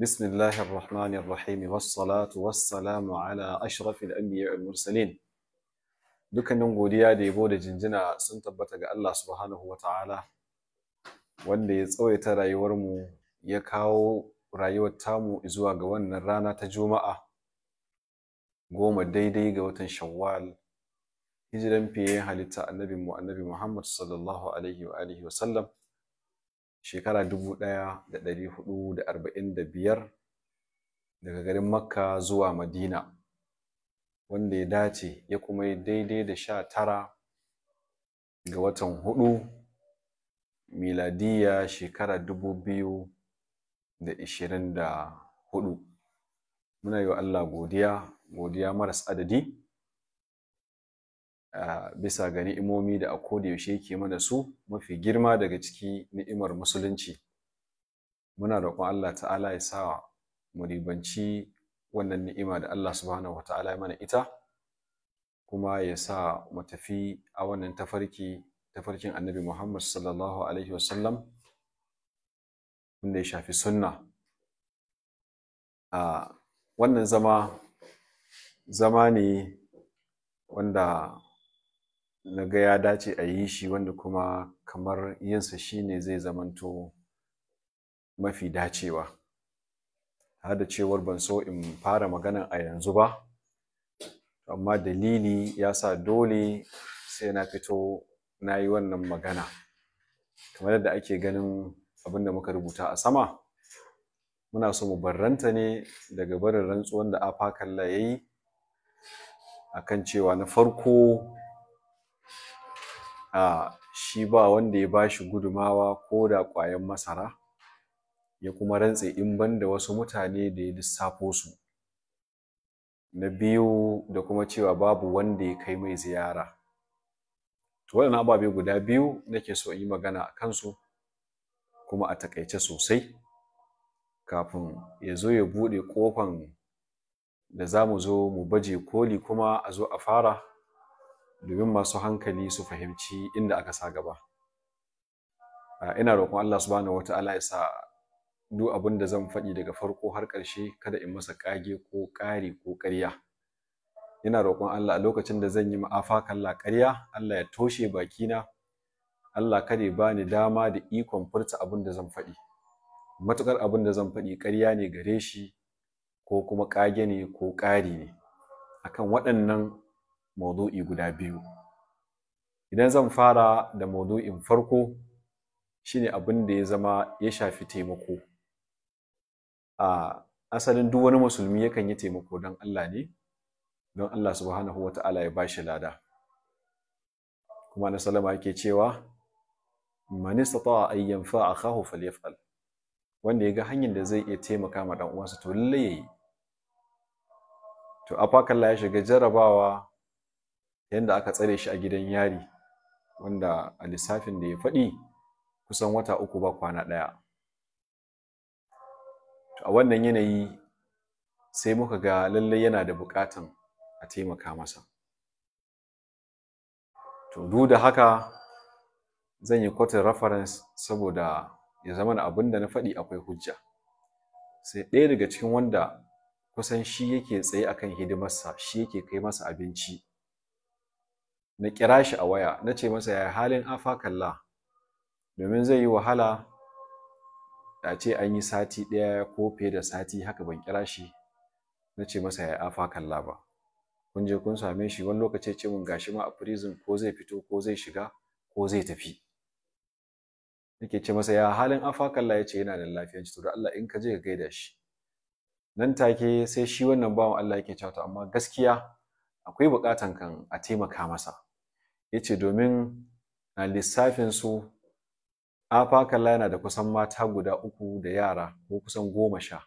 بسم الله الرحمن الرحيم والصلاة والسلام على أشرف الأنبياء والمرسلين dukkanin godiya da yabo da jinjina sun tabbata ga Allah subhanahu wa wanda ya tsawaita rayuwarmu ya kawo rayuwar tamu zuwa ga wannan rana ta juma'a goma daidai ga watan shawwal hijiran fiye halitta annabi mu annabi muhammad shekara dubu ɗaya da ɗari hudu da arba'in da biyar daga garin makka zuwa madina wanda ya dace ya kuma yi daidai da sha tara ga watan hudu miladiya shekara dubu biyu da ishirin da hudu muna yi wa allah godiya godiya maras adadi bisa ga ni'imomi da a koda yaushe yake mana su mafi girma daga ciki ni'imar musulunci muna roƙon Allah ta'ala ya sa mu ribanci wannan ni'ima da Allah subhanahu wa ta'ala ya mana ita kuma ya sa mu tafi a wannan tafarki tafarkin annabi Muhammad sallallahu alaihi wa sallam, wanda ya shafi sunna a wannan zama zama ne wanda na ga ya dace a yi shi wanda kuma kamar yinsa ne zai zamanto mafi dacewa har da cewar ban so in fara maganan a yanzu ba amma dalili ya sa dole sai na fito na yi wannan magana kamar yadda ake ganin abin da muka rubuta a sama muna so mu barranta ne daga barin rantsuwan da afakalla ya yi a kan cewa na farko shi ba wanda ya bashi gudumawa ko da ƙwayan masara ya kuma rantse in ban da wasu mutane da ya lissafo su na biyu da kuma cewa babu wanda ya kai mai ziyara to waɗannan ababe guda biyu nake so in yi magana a kansu kuma a takaice sosai kafin ya zo ya buɗe ƙofan da za mu zo mu baje koli kuma a zo a fara domin masu hankali su fahimci inda aka sa gaba ina roƙon Allah subhanahu wata'ala ya sa duk abin da zan faɗi daga farko har ƙarshe kada in masa ƙage ko ƙari ko ƙarya ina roƙon Allah a lokacin da zan yi ma'afa kalla ƙarya Allah ya toshe bakina Allah kada ya bani dama da ikon furta abin da zan faɗi matuƙar abin da zan faɗi ƙarya ne gare shi ko kuma ƙage ne ko ƙari ne akan waɗannan maudu'i guda biyu idan zan fara da maudu'in farko shine abin da ya zama ya shafi taimako a asalin duk wani musulmi yakan yi taimako don Allah ne don Allah subhanahu wa ta'ala ya bashi lada kuma na salama yake cewa man istata'a an yanfa'a akahu falyaf'al wanda ya ga hanyar da zai iya taimaka ma dan uwansa to lalle yayi to afakallah ya shiga jarabawa yadda aka tsare shi a gidan yari wanda a lissafin da ya faɗi kusan wata uku ba kwana ɗaya a wannan yanayi sai muka ga lallai yana da buƙatan a taimaka masa to duk da haka zan yi kwatin reference saboda ya zama na abin da na faɗi akwai hujja sai ɗaya daga cikin wanda kusan shi yake tsaye akan hidimarsa shi yake kai masa abinci na kira shi a waya na ce masa ya halin afa afakalla domin zai yi wahala a ce an yi sati ɗaya ko fiye da sati haka ban kira shi na ce masa ya afakalla ba kun je kun same shi wani lokaci ce mun gashi ma a prison ko zai fito ko zai shiga ko zai tafi nake ce masa ya halin afakalla ya ce yana da lafiya to da Allah in ka je ka gaida shi nan take sai shi wannan bawan Allah yake cewa amma gaskiya akwai bukatan kan a taimaka masa ya ce domin a lissafinsu afakalla yana da kusan mata guda uku da yara ko kusan goma sha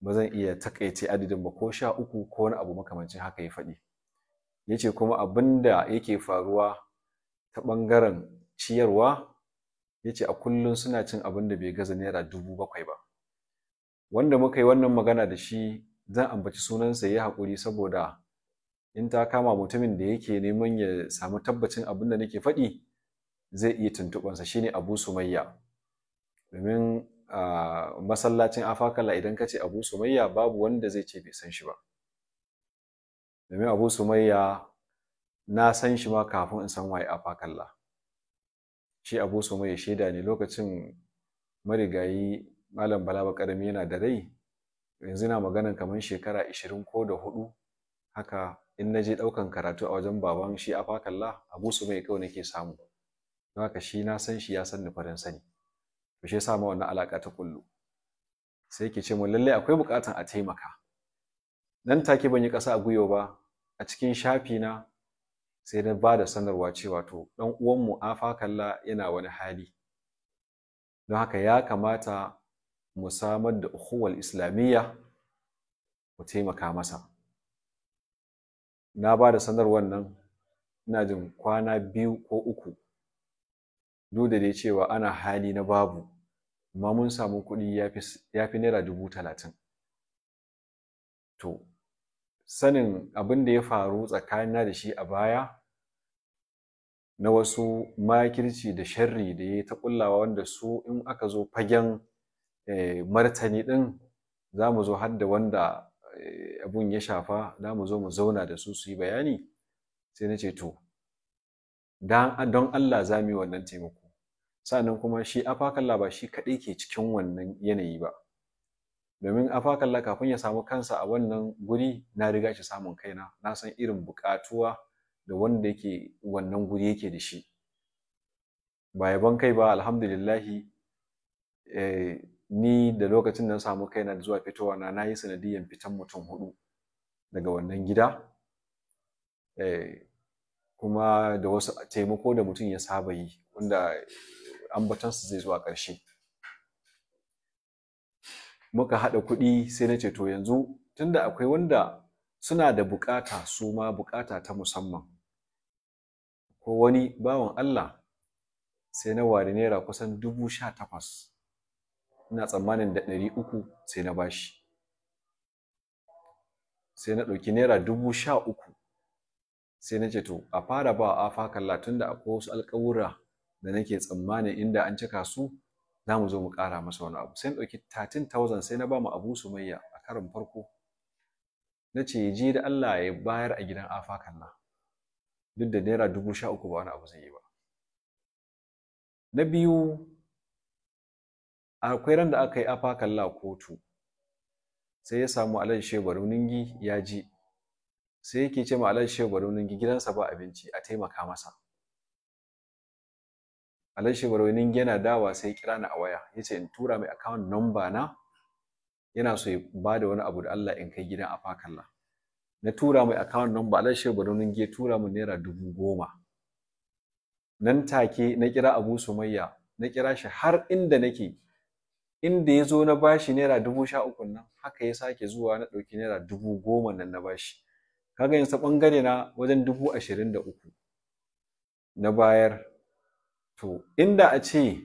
ba zan iya takaice adadin ba ko sha uku ko wani abu makamancin haka ya faɗi ya ce kuma abin da yake faruwa ta ɓangaren ciyarwa ya ce a kullum suna cin abin da bai gaza naira dubu bakwai ba wanda muka yi wannan magana da shi zan ambaci sunansa ya haƙuri saboda in ta kama mutumin da yake neman ya samu tabbacin abin da nake faɗi zai iya tuntuɓansa shine abu sumayya domin a masallacin afakala idan ka ce abu sumayya babu wanda zai ce bai san shi ba domin abu sumayya na san shi ma kafin in san waye afakalla shi abu sumayya shaida ne lokacin marigayi malam bala karami yana da rai yanzu na maganan kamar shekara 20 ko da hudu haka in na je ɗaukan karatu a wajen baban shi a fakalla abu su mai kawai nake samu don haka shi na san shi ya san ni farin sani to shi ya ma wannan alaƙa ta kullu sai ke ce mu lallai akwai buƙatan a taimaka nan take ban yi ƙasa a gwiwa ba a cikin shafi na sai na ba da sanarwa cewa to ɗan uwanmu a fakalla yana wani hali don haka ya kamata mu samar da uhuwal islamiyya mu taimaka masa na ba da sanarwar nan ina jin kwana biyu ko uku duk da dai cewa ana hali na babu ma mun samu kuɗi ya fi naira dubu talatin to sanin abin da ya faru tsakanina da shi a baya na wasu makirci da sharri da ya ta kullawa wanda su in aka zo fagen eh, martani din, za mu zo hadda wanda Eh, abun ya shafa da mu zo mu zauna da su su yi bayani sai na ce to don Allah za mu yi wannan taimako sannan kuma shi afakalla ba shi kaɗai ke cikin wannan yanayi ba domin afakalla kafin ya samu kansa a wannan guri na riga shi samun kaina na san irin buƙatuwa da wanda yake wannan guri yake da shi ba ya ban kai ba alhamdulillahi eh, ni da lokacin da na samu kaina na zuwa fitowa na na sanadiyan fitan mutum hudu daga wannan gida eh, kuma da wasu taimako da mutum ya saba yi wanda su zai zuwa ƙarshe muka haɗa kuɗi sai na ce to yanzu tunda akwai wanda suna da bukata su ma bukata ta musamman ko wani bawan Allah sai na ware naira kusan dubu sha takwas ina tsammanin da ɗari uku sai na bashi sai na ɗauki naira dubu sha uku sai na ce to a fara ba a faka latin da akwai wasu alƙawura da nake tsammanin inda an cika su za mu zo mu ƙara masa wani abu sai na ɗauki 13,000 sai na ba mu abu sumayya a karin farko na ce ji da Allah ya bayar a gidan na, duk da naira dubu sha uku ba wani abu zai yi ba na biyu akwai ran da aka yi afa kalla kotu sai ya samu alal shehu ningi ya ji sai yake ce ma alal shehu ningi gidansa ba abinci a taimaka masa alal shehu ningi yana dawa sai kira ni a waya ya ce in tura mai account number na yana so ya ba da wani abu da Allah in kai gidan afa kalla na tura mai account number alal shehu ningi ya tura mu naira dubu goma nan take na kira abu sumayya na kira shi har inda nake inda ya zo na bashi naira dubu sha uku nan haka ya sake zuwa na ɗauki naira dubu goma nan na bashi kaga yanzu ɓangare na wajen dubu ashirin da uku na bayar to inda a ce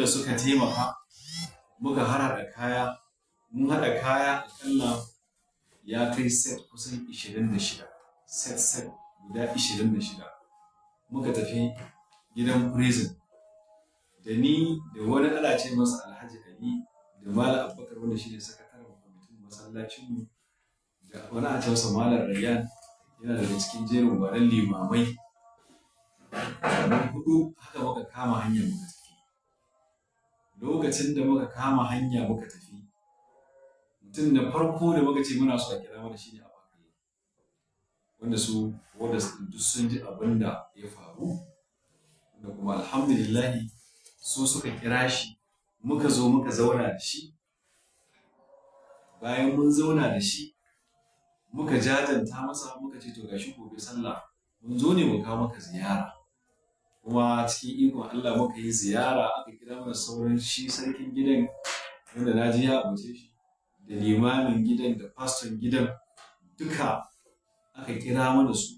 da suka taimaka muka harhaɗa kaya mun haɗa kaya akalla ya kai set kusan 26 set set guda 26 muka tafi gidan prison da ni da wani ana ce masa alhaji ali da mala abubakar wanda shi ne sakataren kwamitin masallacinmu da wani a ce masa malar rayyan yana daga cikin jerin gwaran limamai hudu haka muka kama hanyar muka lokacin da muka kama hanya muka tafi mutum da farko da muka ce muna so a kira mana shine abakalla wanda su wanda duk sun ji abin da ya faru da kuma alhamdulillah su suka kira shi muka zo muka zauna da shi bayan mun zauna da shi muka jajanta masa muka ce to gashi gobe sallah mun zo ne mu kawo maka ziyara kuma cikin ikon Allah muka yi ziyara aka kira mana sauran shi sarkin gidan wanda na ji ya abuce shi da limamin gidan da faston gidan duka aka kira mana su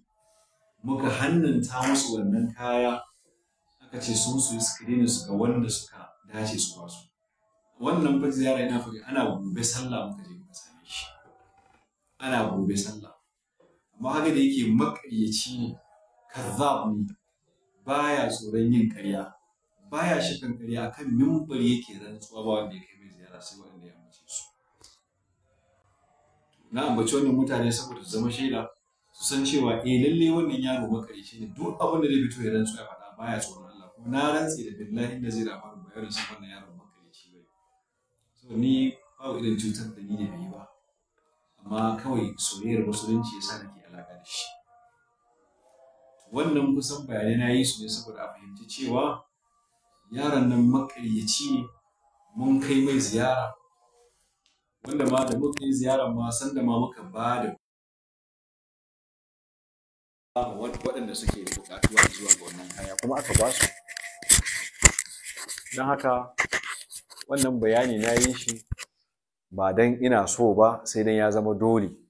muka hannunta musu wannan kaya aka ce sun su yi screening su ga wanda suka dace su kwasu wannan ba ziyara yana fage ana gobe sallah muka je muka same shi ana gobe sallah amma haka da yake makaryaci ne kazzab ne baya tsoron yin karya baya shakan karya akan mimbar yake rantsuwa ba wanda ya kai mai ziyara sai wanda ya mace su na ambaci wannan mutane saboda zama shaida su san cewa eh lalle wannan yaro shi ne duk abin da zai fito ya rantsuwa ya faɗa baya tsoron Allah kuma na rantse da billahi da zai rafa ba yaron sai wannan yaron makarici bai so ni babu irin cutar da ni da bai ba amma kawai soyayyar musulunci yasa nake alaka da shi wannan kusan bayanai na yi su ne saboda a fahimci cewa yaron nan makaryaci ne mun kai mai ziyara wanda ma da muka yi ziyara ma san da ma muka ba da waɗanda suke buƙatuwa zuwa ga wannan kaya kuma aka ba su don haka wannan bayani na yi shi ba don ina so ba sai don ya zama dole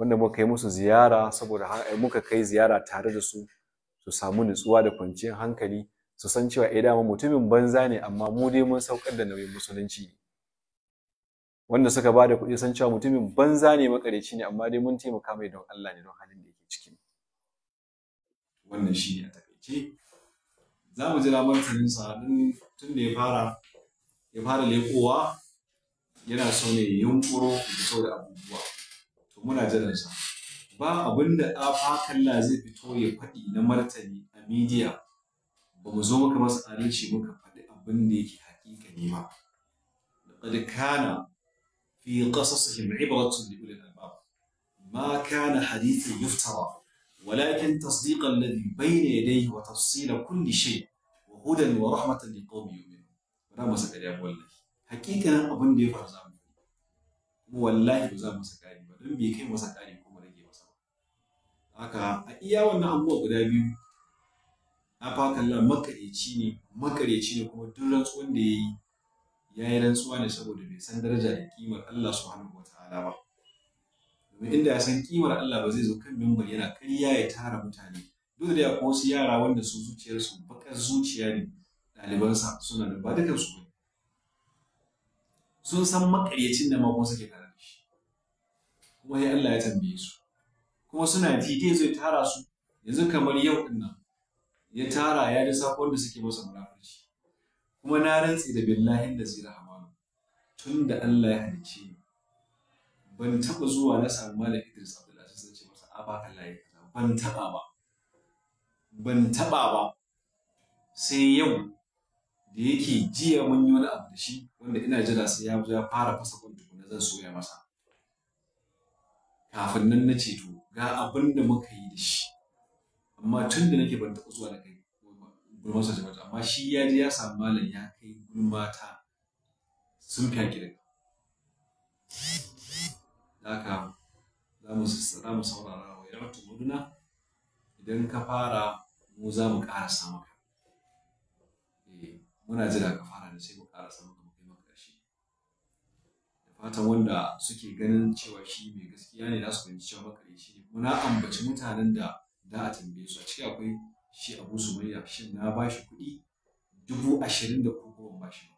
wanda muka yi musu ziyara saboda eh, muka kai ziyara tare da su su samu nutsuwa da kwanciyar hankali su san cewa eh dama mutumin banza ne amma mu dai mun saukar da nauyin musulunci wanda suka ba da kuɗi san cewa mutumin banza ne makareci ne amma dai mun taimaka mai don Allah ne don halin da yake ciki wannan shi ne a takaice za mu jira martanin sa tun da ya fara ya fara lekowa yana so ne yunkuro da abubuwa muna jiran ba abun da kalla zai fito ya faɗi na martani a midiya ba mu zo muka masa adalci ka faɗi abun da yake haƙiƙa ne ba laqad kana fi qasasihim ibratun li ulil albab ma kana hadithun yuftara ولكن تصديق الذي بين يديه وتفصيل كل شيء وهدى ورحمة لقوم يؤمنون. رمز الإله والله. حقيقة أبن ديفر زعما. wallahi ba za mu masa ƙari ba don bai kai masa ƙari ko mu rage masa ba haka a iya wannan abubuwa guda biyu Na afakalla makareci ne makareci ne kuma duk rantsuwan da ya yi ya yi rantsuwa ne saboda bai san daraja da kimar Allah subhanahu wa ta'ala ba domin inda ya san kimar Allah ba zai zo kan mimbar yana karya ya tara mutane duk da akwai wasu yara wanda su zuciyarsu bakar zuciya ne ɗalibansa suna da ba dukansu ba sun san makaryacin da makon suke tare da shi kuma ya Allah ya tambaye su kuma suna ji dai zai tara su yanzu kamar yau din nan ya tara ya ji sakon da suke masa munafurci kuma na rantsi da billahi da zira hamanu tun da Allah ya halicce ni ban taba zuwa na samu malam Idris da zan ce masa a ba ban taba ba ban taɓa ba sai yau da yake jiya mun yi wani abu da shi wanda ina jira sai ya zo ya fara fasa kun tukuna zan soya masa kafin nan na ce to ga abin muka yi da shi amma tun da nake ban taɓa zuwa da kai gulmar sa jama'a amma shi ya je ya samu malam ya kai gulmata sun fi haƙi daga haka za mu saurara wa yaratu muduna idan ka fara mu za mu ƙarasa maka muna jira ka fara da sai mu karasa maka mu kai ƙarshe da fatan wanda suke ganin cewa shi mai gaskiya ne za su fahimci cewa makare shi ne muna ambaci mutanen da za a tambaye su a ciki akwai shi abu sumayya shin na ba shi kuɗi dubu ashirin da ko ban ba shi ba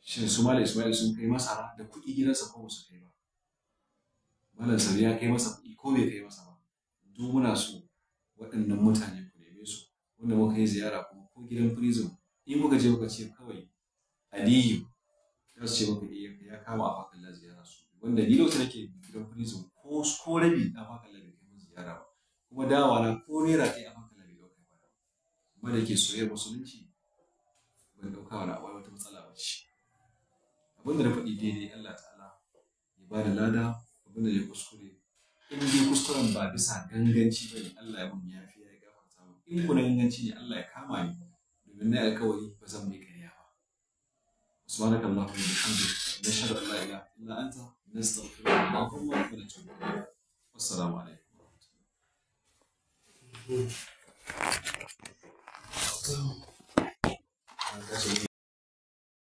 shin su mala ismail sun kai masa da kuɗi gidansa ko ba su kai ba malam sari ya kai masa kuɗi ko bai kai masa ba duk muna so waɗannan mutane wanda muka yi ziyara kuma ko gidan prison in muka je muka ce kawai aliyu za su ce muka eh, ya kama a fakalla ziyara su wanda ni lokacin nake gidan prison ko ko rabi a fakalla bai kai ziyara ba kuma dawa na ko naira ɗaya a fakalla bai ɗauka ba amma da ke soyayyar musulunci ban ɗauka wani abu wata matsala ba ce abinda da na faɗi daidai Allah ta'ala ya ba da lada abin da ya kuskure in dai kuskuren ba bisa ganganci ba ne Allah ya mun yafi in kuna inganci ne Allah ya kama ni domin na alkawari ba zan mai ƙarya ba subhanaka allahumma wa bihamdika nashhadu an la ilaha illa anta nastaghfiruka wa natubu ilayk alaikum wa rahmatullahi